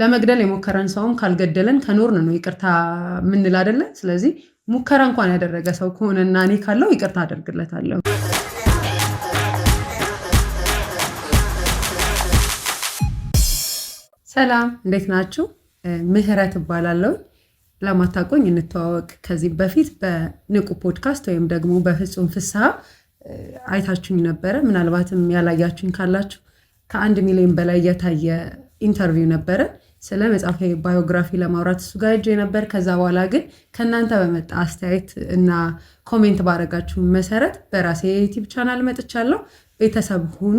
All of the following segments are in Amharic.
ለመግደል የሞከረን ሰውም ካልገደለን ከኖርን ነው ይቅርታ የምንል አይደለ? ስለዚህ ሙከራ እንኳን ያደረገ ሰው ከሆነና እኔ ካለው ይቅርታ አደርግለታለሁ። ሰላም እንዴት ናችሁ? ምህረት እባላለሁ። ለማታቆኝ እንተዋወቅ። ከዚህ በፊት በንቁ ፖድካስት ወይም ደግሞ በፍጹም ፍስሐ አይታችሁኝ ነበረ። ምናልባትም ያላያችሁኝ ካላችሁ ከአንድ ሚሊዮን በላይ የታየ ኢንተርቪው ነበረ። ስለ መጽሐፍ ባዮግራፊ ለማውራት እሱ ጋር ሄጄ ነበር። ከዛ በኋላ ግን ከእናንተ በመጣ አስተያየት እና ኮሜንት ባረጋችሁ መሰረት በራሴ የዩቲብ ቻናል መጥቻለሁ። ቤተሰብ ሁኑ።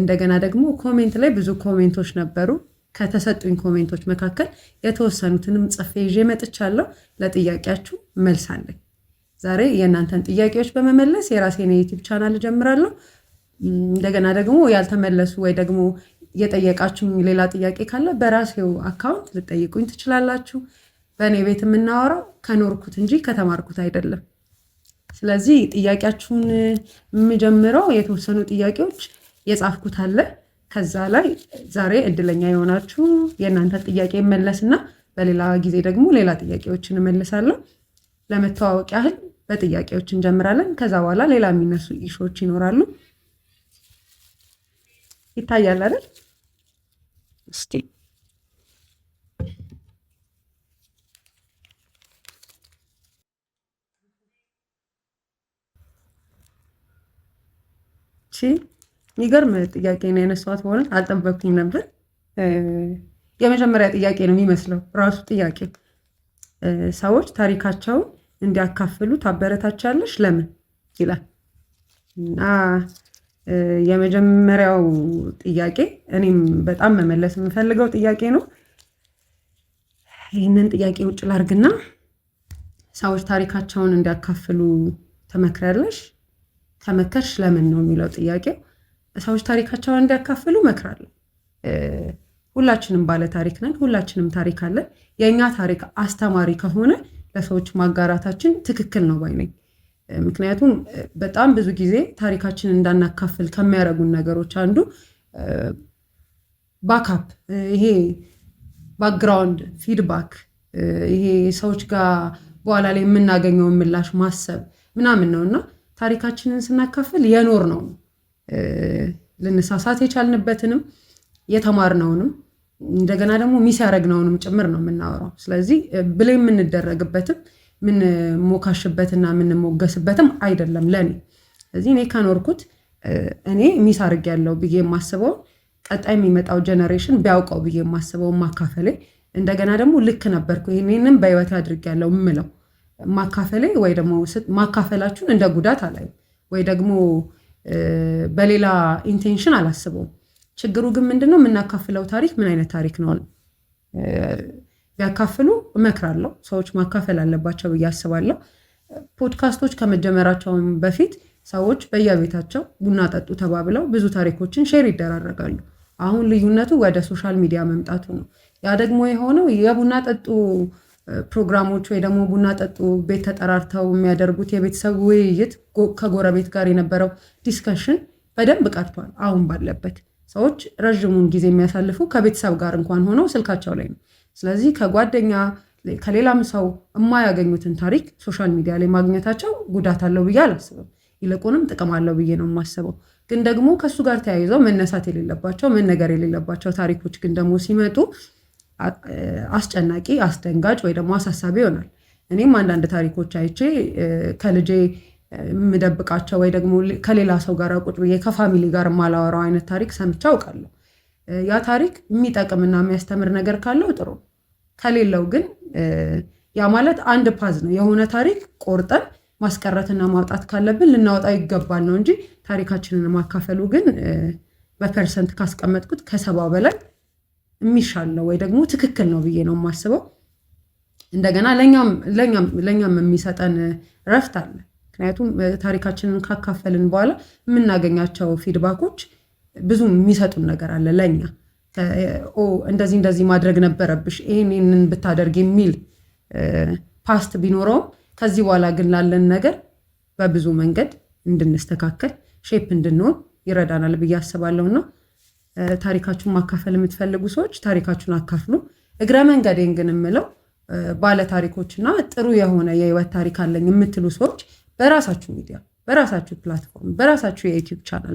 እንደገና ደግሞ ኮሜንት ላይ ብዙ ኮሜንቶች ነበሩ። ከተሰጡኝ ኮሜንቶች መካከል የተወሰኑትንም ጽፌ ይዤ መጥቻለሁ። ለጥያቄያችሁ መልስ አለኝ። ዛሬ የእናንተን ጥያቄዎች በመመለስ የራሴን የዩቲዩብ ቻናል እጀምራለሁ። እንደገና ደግሞ ያልተመለሱ ወይ ደግሞ የጠየቃችሁኝ ሌላ ጥያቄ ካለ በራሴው አካውንት ልጠይቁኝ ትችላላችሁ። በእኔ ቤት የምናወራው ከኖርኩት እንጂ ከተማርኩት አይደለም። ስለዚህ ጥያቄያችሁን የምጀምረው የተወሰኑ ጥያቄዎች የጻፍኩት አለ። ከዛ ላይ ዛሬ እድለኛ የሆናችሁ የእናንተ ጥያቄ መለስና በሌላ ጊዜ ደግሞ ሌላ ጥያቄዎችን እመልሳለሁ። ለመተዋወቅ ያህል በጥያቄዎች እንጀምራለን። ከዛ በኋላ ሌላ የሚነሱ ኢሾዎች ይኖራሉ። ይታያል አይደል? እስቲ የሚገርም ጥያቄ ነው የነሳኋት። በሆነ አልጠበኩኝ ነበር። የመጀመሪያ ጥያቄ ነው የሚመስለው ራሱ ጥያቄ ሰዎች ታሪካቸውን እንዲያካፍሉ ታበረታቻለሽ ለምን ይላል እና የመጀመሪያው ጥያቄ እኔም በጣም መመለስ የምፈልገው ጥያቄ ነው። ይህንን ጥያቄ ውጭ ላርግና ሰዎች ታሪካቸውን እንዲያካፍሉ ትመክሪያለሽ? ተመከርሽ ለምን ነው የሚለው ጥያቄ። ሰዎች ታሪካቸውን እንዲያካፍሉ እመክራለሁ። ሁላችንም ባለ ታሪክ ነን። ሁላችንም ታሪክ አለን። የእኛ ታሪክ አስተማሪ ከሆነ ለሰዎች ማጋራታችን ትክክል ነው ባይ ነኝ። ምክንያቱም በጣም ብዙ ጊዜ ታሪካችንን እንዳናካፍል ከሚያደርጉን ነገሮች አንዱ ባካፕ፣ ይሄ ባክግራውንድ ፊድባክ፣ ይሄ ሰዎች ጋር በኋላ ላይ የምናገኘውን ምላሽ ማሰብ ምናምን ነው እና ታሪካችንን ስናካፍል የኖር ነው ልንሳሳት የቻልንበትንም የተማርነውንም እንደገና ደግሞ ሚስ ያደረግነውንም ጭምር ነው የምናወራው። ስለዚህ ብሌ የምንደረግበትም የምንሞካሽበትና የምንሞገስበትም አይደለም ለእኔ። ስለዚህ እኔ ከኖርኩት እኔ ሚስ ያለው ብዬ የማስበውን ቀጣይ የሚመጣው ጀነሬሽን ቢያውቀው ብዬ የማስበውን ማካፈሌ፣ እንደገና ደግሞ ልክ ነበርኩ ይህንንም በህይወት ያለው የምለው ማካፈሌ ወይ ደግሞ ማካፈላችሁን እንደ ጉዳት አላይም ወይ ደግሞ በሌላ ኢንቴንሽን አላስበውም። ችግሩ ግን ምንድነው የምናካፍለው ታሪክ ምን አይነት ታሪክ ነው? ቢያካፍሉ እመክራለሁ። ሰዎች ማካፈል አለባቸው ብዬ አስባለሁ። ፖድካስቶች ከመጀመራቸውም በፊት ሰዎች በየቤታቸው ቡና ጠጡ ተባብለው ብዙ ታሪኮችን ሼር ይደራረጋሉ። አሁን ልዩነቱ ወደ ሶሻል ሚዲያ መምጣቱ ነው። ያ ደግሞ የሆነው የቡና ጠጡ ፕሮግራሞች ወይ ደግሞ ቡና ጠጡ ቤት ተጠራርተው የሚያደርጉት የቤተሰብ ውይይት ከጎረቤት ጋር የነበረው ዲስከሽን በደንብ ቀርቷል አሁን ባለበት ሰዎች ረዥሙን ጊዜ የሚያሳልፉ ከቤተሰብ ጋር እንኳን ሆነው ስልካቸው ላይ ነው። ስለዚህ ከጓደኛ ከሌላም ሰው የማያገኙትን ታሪክ ሶሻል ሚዲያ ላይ ማግኘታቸው ጉዳት አለው ብዬ አላስብም። ይልቁንም ጥቅም አለው ብዬ ነው የማስበው። ግን ደግሞ ከእሱ ጋር ተያይዘው መነሳት የሌለባቸው መነገር የሌለባቸው ታሪኮች ግን ደግሞ ሲመጡ አስጨናቂ፣ አስደንጋጭ ወይ ደግሞ አሳሳቢ ይሆናል። እኔም አንዳንድ ታሪኮች አይቼ ከልጄ የምደብቃቸው ወይ ደግሞ ከሌላ ሰው ጋር ቁጭ ብዬ ከፋሚሊ ጋር የማላወራው አይነት ታሪክ ሰምቼ አውቃለሁ። ያ ታሪክ የሚጠቅምና የሚያስተምር ነገር ካለው ጥሩ፣ ከሌለው ግን ያ ማለት አንድ ፓዝ ነው። የሆነ ታሪክ ቆርጠን ማስቀረትና ማውጣት ካለብን ልናወጣ ይገባል ነው እንጂ ታሪካችንን ማካፈሉ ግን በፐርሰንት ካስቀመጥኩት ከሰባ በላይ የሚሻል ነው ወይ ደግሞ ትክክል ነው ብዬ ነው የማስበው። እንደገና ለእኛም የሚሰጠን እረፍት አለ። ምክንያቱም ታሪካችንን ካካፈልን በኋላ የምናገኛቸው ፊድባኮች ብዙ የሚሰጡን ነገር አለ ለእኛ እንደዚህ እንደዚህ ማድረግ ነበረብሽ ይህንን ብታደርግ የሚል ፓስት ቢኖረውም ከዚህ በኋላ ግን ላለን ነገር በብዙ መንገድ እንድንስተካከል ሼፕ እንድንሆን ይረዳናል ብዬ አስባለሁ እና ታሪካችሁን ማካፈል የምትፈልጉ ሰዎች ታሪካችሁን አካፍሉ። እግረ መንገዴን ግን የምለው ባለ ታሪኮች እና ጥሩ የሆነ የህይወት ታሪክ አለኝ የምትሉ ሰዎች በራሳችሁ ሚዲያ፣ በራሳችሁ ፕላትፎርም፣ በራሳችሁ የዩቲዩብ ቻናል፣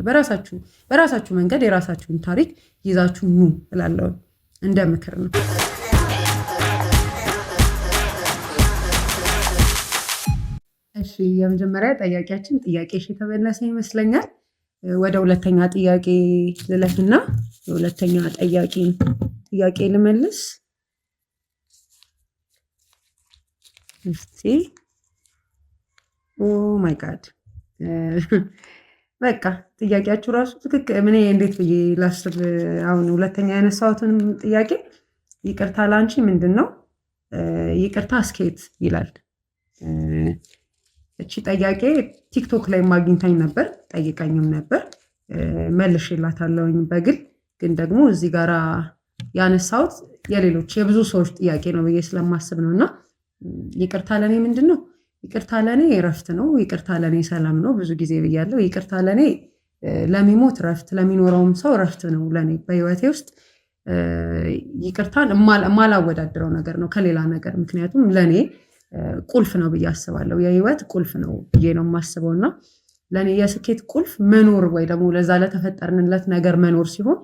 በራሳችሁ መንገድ የራሳችሁን ታሪክ ይዛችሁ ኑ እላለሁ። እንደ ምክር ነው። እሺ፣ የመጀመሪያ ጠያቂያችን ጥያቄሽ የተመለሰ ይመስለኛል። ወደ ሁለተኛ ጥያቄ ልለፍና የሁለተኛ ጠያቂ ጥያቄ ልመልስ እስቲ ኦ ማይ ጋድ በቃ ጥያቄያችሁ ራሱ ትክክል። ምን እንዴት ብዬ ላስብ? አሁን ሁለተኛ ያነሳሁትን ጥያቄ ይቅርታ ላንቺ ምንድን ነው? ይቅርታ ስኬት ይላል። እቺ ጥያቄ ቲክቶክ ላይ ማግኝታኝ ነበር፣ ጠይቀኝም ነበር መልሼላታለሁኝ በግል ግን ደግሞ እዚህ ጋራ ያነሳሁት የሌሎች የብዙ ሰዎች ጥያቄ ነው ብዬ ስለማስብ ነው እና ይቅርታ ለእኔ ምንድን ነው ይቅርታ ለእኔ እረፍት ነው። ይቅርታ ለእኔ ሰላም ነው። ብዙ ጊዜ ብያለሁ። ይቅርታ ለእኔ ለሚሞት እረፍት፣ ለሚኖረውም ሰው እረፍት ነው። ለእኔ በህይወቴ ውስጥ ይቅርታን የማላወዳድረው ነገር ነው ከሌላ ነገር። ምክንያቱም ለእኔ ቁልፍ ነው ብዬ አስባለሁ። የህይወት ቁልፍ ነው ብዬ ነው የማስበው እና ለእኔ የስኬት ቁልፍ መኖር ወይ ደግሞ ለዛ ለተፈጠርንለት ነገር መኖር ሲሆን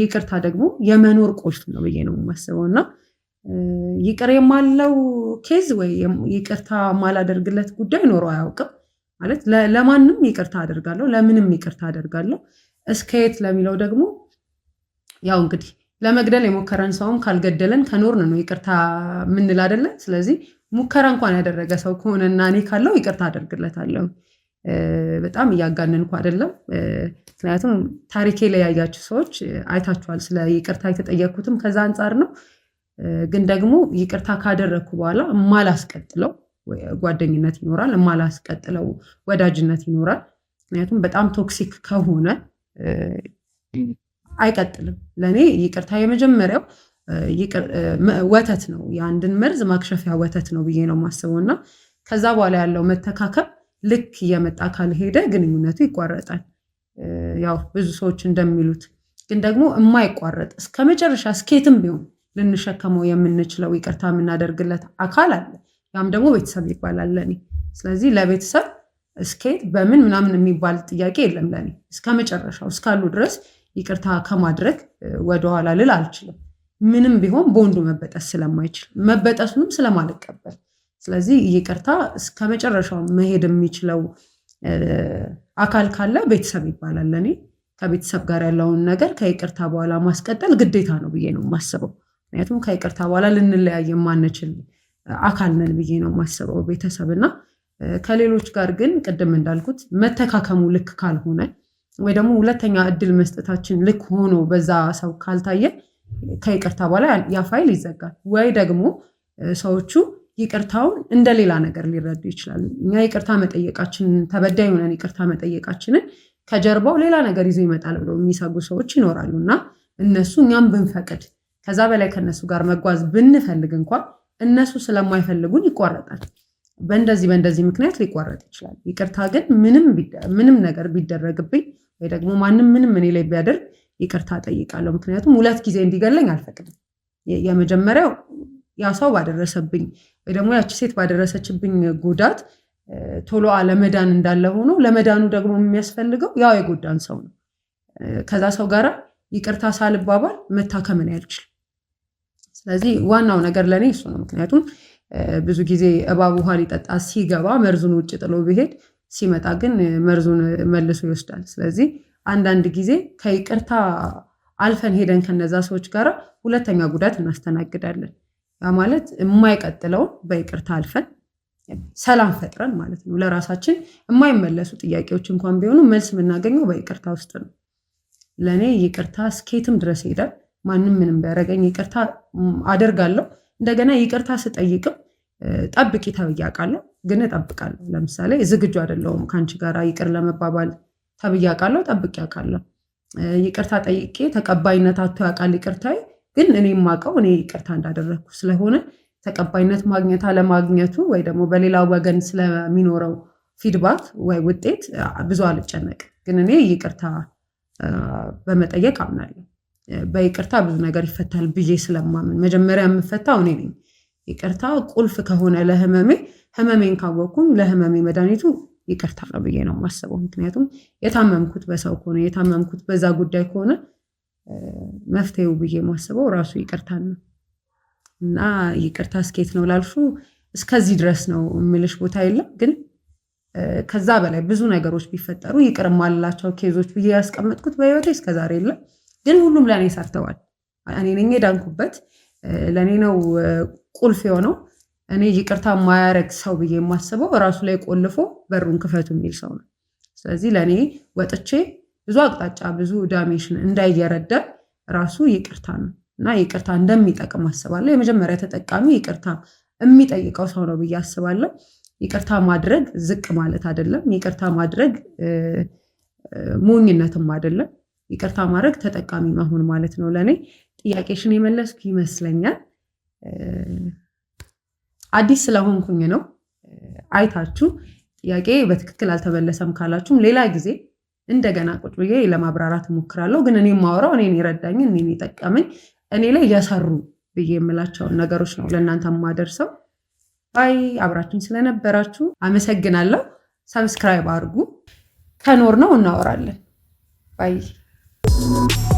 ይቅርታ ደግሞ የመኖር ቁልፍ ነው ብዬ ነው የማስበው እና ይቅር የማለው ኬዝ ወይ ይቅርታ ማላደርግለት ጉዳይ ኖሮ አያውቅም። ማለት ለማንም ይቅርታ አደርጋለሁ፣ ለምንም ይቅርታ አደርጋለሁ። እስከየት ለሚለው ደግሞ ያው እንግዲህ ለመግደል የሞከረን ሰውም ካልገደለን ከኖርን ነው ይቅርታ የምንል አይደለ? ስለዚህ ሙከራ እንኳን ያደረገ ሰው ከሆነና እኔ ካለው ይቅርታ አደርግለታለሁ። በጣም እያጋነንኩ አይደለም። ምክንያቱም ታሪኬ ላይ ያያችሁ ሰዎች አይታችኋል። ስለ ይቅርታ የተጠየቅኩትም ከዛ አንጻር ነው። ግን ደግሞ ይቅርታ ካደረግኩ በኋላ የማላስቀጥለው ጓደኝነት ይኖራል፣ የማላስቀጥለው ወዳጅነት ይኖራል። ምክንያቱም በጣም ቶክሲክ ከሆነ አይቀጥልም። ለእኔ ይቅርታ የመጀመሪያው ወተት ነው፣ የአንድን መርዝ ማክሸፊያ ወተት ነው ብዬ ነው የማስበው እና ከዛ በኋላ ያለው መተካከል ልክ እየመጣ ካልሄደ ግንኙነቱ ይቋረጣል። ያው ብዙ ሰዎች እንደሚሉት ግን ደግሞ የማይቋረጥ እስከ መጨረሻ ስኬትም ቢሆን ልንሸከመው የምንችለው ይቅርታ የምናደርግለት አካል አለ። ያም ደግሞ ቤተሰብ ይባላል ለኔ። ስለዚህ ለቤተሰብ እስኬት በምን ምናምን የሚባል ጥያቄ የለም ለኔ። እስከ መጨረሻው እስካሉ ድረስ ይቅርታ ከማድረግ ወደኋላ ልል አልችልም። ምንም ቢሆን በወንዱ መበጠስ ስለማይችል መበጠሱንም ስለማልቀበል፣ ስለዚህ ይቅርታ እስከ መጨረሻው መሄድ የሚችለው አካል ካለ ቤተሰብ ይባላል ለኔ። ከቤተሰብ ጋር ያለውን ነገር ከይቅርታ በኋላ ማስቀጠል ግዴታ ነው ብዬ ነው የማስበው። ምክንያቱም ከይቅርታ በኋላ ልንለያይ የማንችል አካል ነን ብዬ ነው የማስበው ቤተሰብ እና ከሌሎች ጋር ግን ቅድም እንዳልኩት መተካከሙ ልክ ካልሆነ ወይ ደግሞ ሁለተኛ እድል መስጠታችን ልክ ሆኖ በዛ ሰው ካልታየ ከይቅርታ በኋላ ያ ፋይል ይዘጋል። ወይ ደግሞ ሰዎቹ ይቅርታውን እንደ ሌላ ነገር ሊረዱ ይችላሉ። እኛ ይቅርታ መጠየቃችንን ተበዳይ ሆነን ይቅርታ መጠየቃችንን ከጀርባው ሌላ ነገር ይዞ ይመጣል ብለው የሚሰጉ ሰዎች ይኖራሉ እና እነሱ እኛም ብንፈቅድ ከዛ በላይ ከነሱ ጋር መጓዝ ብንፈልግ እንኳን እነሱ ስለማይፈልጉን ይቋረጣል። በእንደዚህ በእንደዚህ ምክንያት ሊቋረጥ ይችላል። ይቅርታ ግን ምንም ነገር ቢደረግብኝ ወይ ደግሞ ማንም ምንም እኔ ላይ ቢያደርግ ይቅርታ ጠይቃለሁ። ምክንያቱም ሁለት ጊዜ እንዲገለኝ አልፈቅድም። የመጀመሪያው ያ ሰው ባደረሰብኝ ወይ ደግሞ ያቺ ሴት ባደረሰችብኝ ጉዳት ቶሎ ለመዳን እንዳለ ሆኖ ለመዳኑ ደግሞ የሚያስፈልገው ያው የጎዳን ሰው ነው። ከዛ ሰው ጋራ ይቅርታ ሳልባባል መታከምን ያልችል ስለዚህ ዋናው ነገር ለእኔ እሱ ነው። ምክንያቱም ብዙ ጊዜ እባብ ውሃ ሊጠጣ ሲገባ መርዙን ውጭ ጥሎ ቢሄድ ሲመጣ ግን መርዙን መልሶ ይወስዳል። ስለዚህ አንዳንድ ጊዜ ከይቅርታ አልፈን ሄደን ከነዛ ሰዎች ጋር ሁለተኛ ጉዳት እናስተናግዳለን። ያ ማለት የማይቀጥለውን በይቅርታ አልፈን ሰላም ፈጥረን ማለት ነው። ለራሳችን የማይመለሱ ጥያቄዎች እንኳን ቢሆኑ መልስ የምናገኘው በይቅርታ ውስጥ ነው። ለእኔ ይቅርታ እስኬትም ድረስ ይሄዳል። ማንም ምንም ቢያደርገኝ ይቅርታ አደርጋለሁ። እንደገና ይቅርታ ስጠይቅም ጠብቂ ተብዬ አውቃለሁ፣ ግን እጠብቃለሁ። ለምሳሌ ዝግጁ አይደለሁም ከአንቺ ጋር ይቅር ለመባባል ተብዬ አውቃለሁ፣ ጠብቄ አውቃለሁ። ይቅርታ ጠይቄ ተቀባይነት አቶ ያውቃል ይቅርታዬ። ግን እኔ የማውቀው እኔ ይቅርታ እንዳደረግኩ ስለሆነ ተቀባይነት ማግኘት አለማግኘቱ ወይ ደግሞ በሌላ ወገን ስለሚኖረው ፊድባክ ወይ ውጤት ብዙ አልጨነቅም። ግን እኔ ይቅርታ በመጠየቅ አምናለሁ። በይቅርታ ብዙ ነገር ይፈታል ብዬ ስለማምን መጀመሪያ የምፈታው እኔ ነኝ። ይቅርታ ቁልፍ ከሆነ ለህመሜ ህመሜን ካወቅኩም ለህመሜ መድኃኒቱ ይቅርታ ነው ብዬ ነው የማስበው። ምክንያቱም የታመምኩት በሰው ከሆነ የታመምኩት በዛ ጉዳይ ከሆነ መፍትሄው ብዬ የማስበው ራሱ ይቅርታ ነው እና ይቅርታ ስኬት ነው ላልሹ እስከዚህ ድረስ ነው የምልሽ ቦታ የለም ግን ከዛ በላይ ብዙ ነገሮች ቢፈጠሩ ይቅር ማልላቸው ኬዞች ብዬ ያስቀመጥኩት በህይወቴ እስከዛሬ የለም። ግን ሁሉም ለእኔ ሰርተዋል። እኔ ነኝ የዳንኩበት። ለእኔ ነው ቁልፍ የሆነው። እኔ ይቅርታ ማያረግ ሰው ብዬ የማስበው ራሱ ላይ ቆልፎ በሩን ክፈቱ የሚል ሰው ነው። ስለዚህ ለእኔ ወጥቼ ብዙ አቅጣጫ ብዙ ዳሜሽን እንዳይየረዳ ራሱ ይቅርታ ነው እና ይቅርታ እንደሚጠቅም አስባለሁ። የመጀመሪያ ተጠቃሚ ይቅርታ የሚጠይቀው ሰው ነው ብዬ አስባለሁ። ይቅርታ ማድረግ ዝቅ ማለት አይደለም። ይቅርታ ማድረግ ሞኝነትም አይደለም። ይቅርታ ማድረግ ተጠቃሚ መሆን ማለት ነው። ለእኔ ጥያቄሽን የመለስኩ ይመስለኛል። አዲስ ስለሆንኩኝ ነው። አይታችሁ ጥያቄ በትክክል አልተመለሰም ካላችሁም ሌላ ጊዜ እንደገና ቁጭ ብዬ ለማብራራት እሞክራለሁ። ግን እኔ የማወራው እኔን የረዳኝ እኔን የጠቀመኝ እኔ ላይ የሰሩ ብዬ የምላቸውን ነገሮች ነው ለእናንተ የማደርሰው። ባይ አብራችሁኝ ስለነበራችሁ አመሰግናለሁ። ሰብስክራይብ አድርጉ። ከኖር ነው እናወራለን። ባይ Thank